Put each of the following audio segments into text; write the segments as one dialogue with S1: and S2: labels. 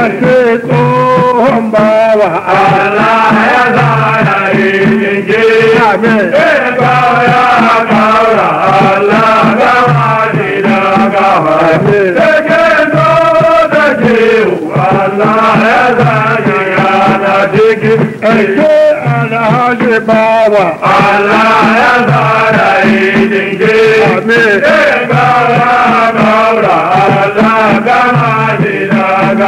S1: masu tsohon bawa Allah ya zara rikinki amin ya ya kawra Allah gama ni na gama take zo da jiwu Allah ya zara yana jiki ake alhaji bawa Allah ya zara rikinki amin ya kawo ya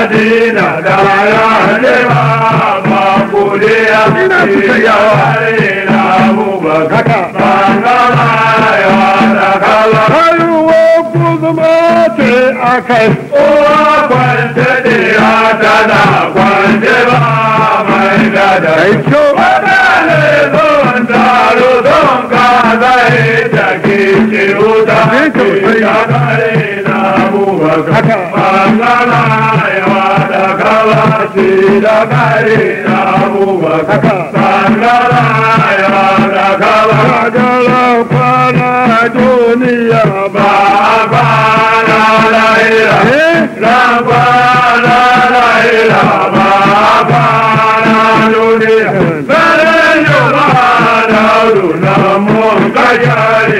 S1: madina da ya nema ba godiya ya ware na abubakar ba na rayuwa da kala rayuwa ku zama a kai uwa kwanta da ya tana kwanta ba mai gada da kyau wadane zuwan taro zuwan ka zai take wuta ya kare na sira gai rabu bhakta sangaraya raghava jala pana duniya ba ba la la ira ra ba la la ira ba ba la duniya bare jo ba ra ru namo kayare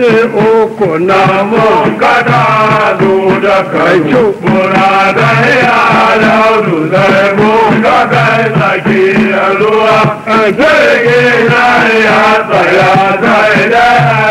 S1: ce uku na mun kada zu da kai muna da yara zu zai mun kada tsaki a ruwa zai gina ya tsaya da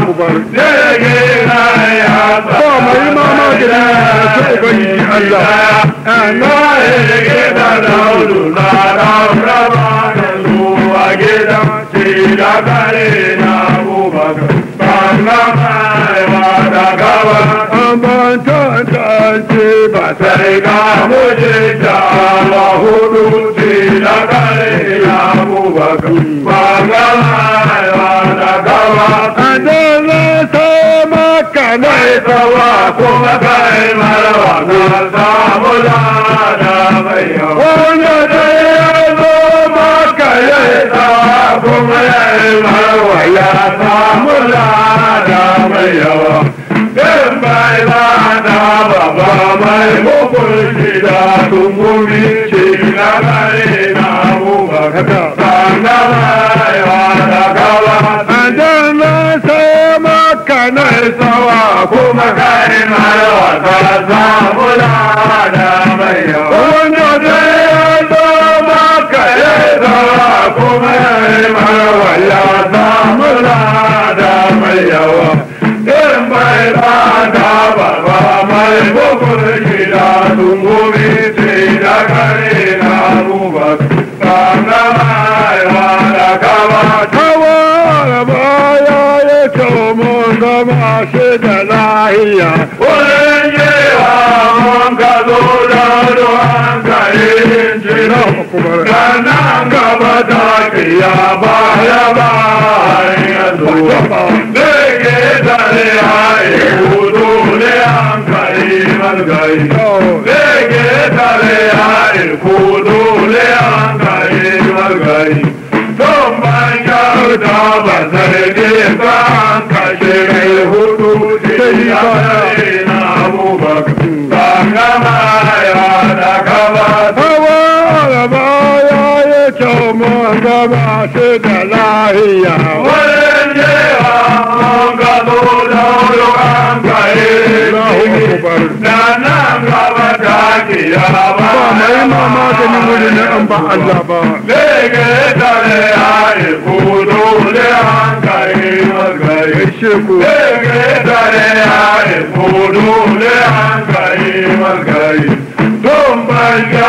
S1: mubarak ba mai mama gida ta ubangiji Allah ana gida da na da zuwa gida ce da kare na abubakar ba na maiwa da gaba ta ta ce ba sai ka muje ta hudu na kanai tsawa kuma kai marawa na samu lada mai yawa. da ya zo maka ya yi tsawa yi marawa ya samu lada mai yawa. Bin bai lada baba mai mukunci da tungumi ce na na makarin harawa zamu zamu ba ba kare na Kana Kawa ya lahiya wurin jewa mun ka zo gaba ta kiya baya ba ya zo da ke tare haye ne an kari malgai da ke tare haye hudu ne an kari malgai don ban kyauta ba zai ba su da lahiya wani mun an kare na nan gaba ta kiya ba mai wuri na an ba Allah ba lege tare ai kudo le an kare magare sheku lege an kare don ba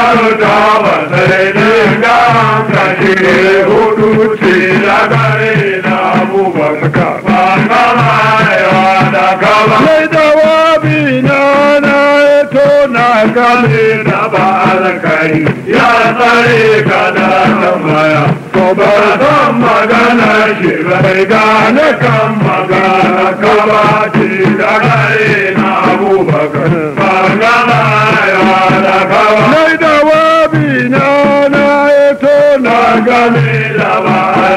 S1: masai dinga kashi hudu ce lagare na abubakar ba na mayewa da kaba sai jawabi na na eto na na ba ya ka da magana shi bai gane kan magana ka ba ce lagare na ba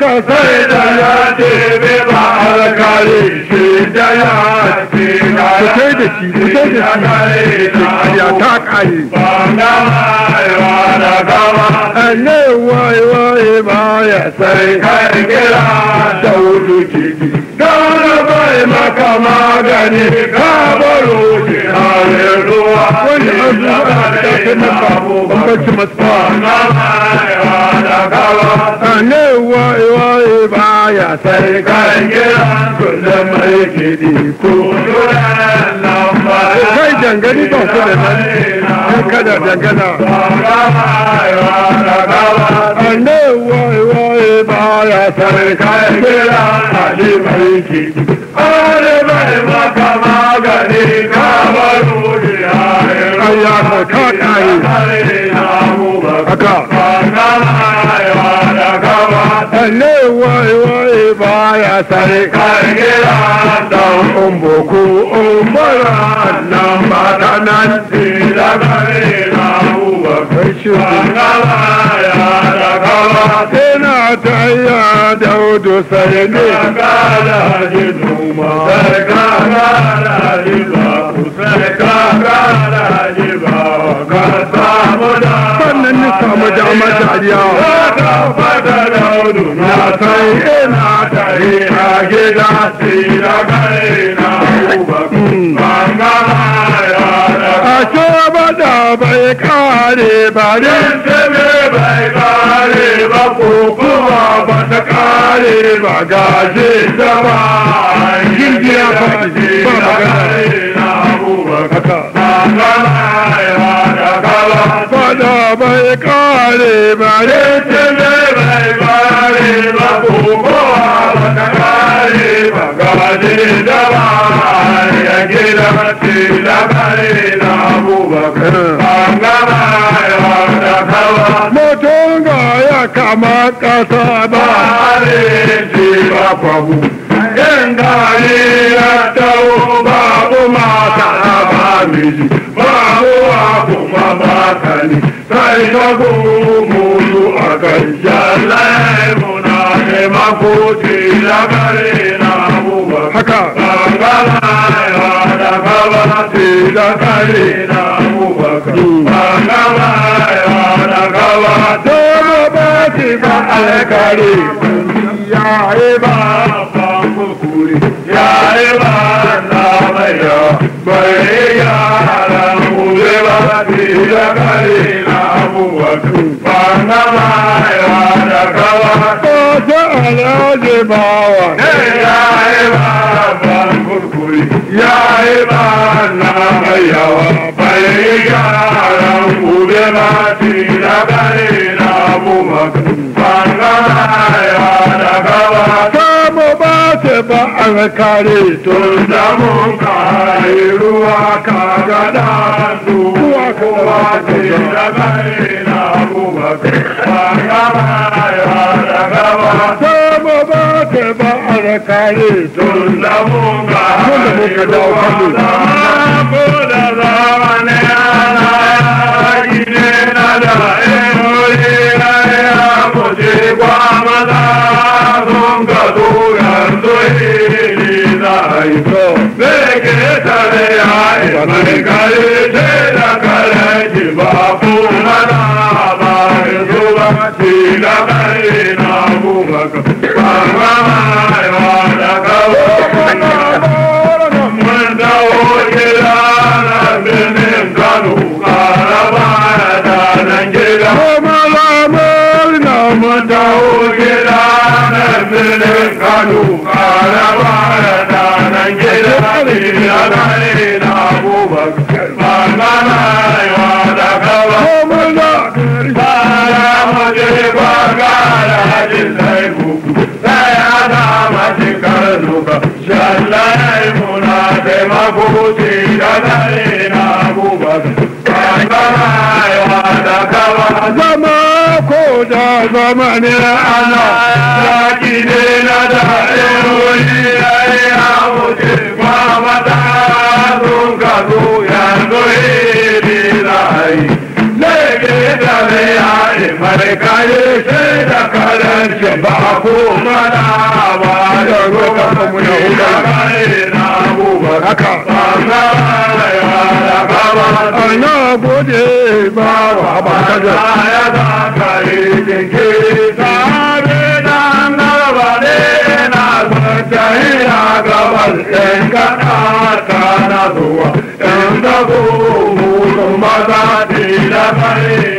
S1: ka sai da ya debe ba a kare shi da ya ce da ya ce da ta ba na maiwa da ne waye waye ba ya sai kai kira da wudu kiki dole bai maka magani ka baro ki halin wani abu da ta masu ba na da ne wai wai baya sai kan gira kullum mai kiɗi kuduran lamba kai dangane ba ku da nan kai kada dangana ne wai wai baya sai kan gira ali mai kiɗi ale mai maka magani kamar wuri ya yi ne wai wai ya tare kargira da? umbuku umbara na bada nan tira gare na uwa kashi kangala ya da kawa tana ta iya daudu sai ne kangala ji numa sai kangala ji ba sai kangala ji ba an ni samu dama dariya fada laudu na san na tare a gida sila kaina uba banga a ce bada bai kare ba ne sebe bai kare ba ko kuma ba ta kare ba gaje zama jirgiya ba ba ba ba ba ba ba bai kare ba ne tele bai kare ba kokowa ba ya ga ya kama kasa ba ne ce ba kwabu yan ya tawo babu mata ba miji akani sai tagu mudu muna ne hmm. ya da kawati ya da kawati mabati ba ya ya na ya alhaji bawa ya ba ban kurkuri ya yi ba na yawa bai gyaran kube ba tira bare na bumaka bangara ya daga ba ta mu ba ta ba an kare tun da kare boca muka tunda muka na boda zamane ana gine na da emori na ya boje kwa na ito na mumaka kuti da dare na gubar zama ko da zama ne ana zaki ne na da aya ya yi hamuti ma mata sun kazo yanzu iri layi lege da ne a da karanci ba ko mana ba da roka kuma na hudu haka na gode ba wa ba ta ya da kai dinke tare da na ne na ta ina ga bal ta na zuwa en da go mu da ti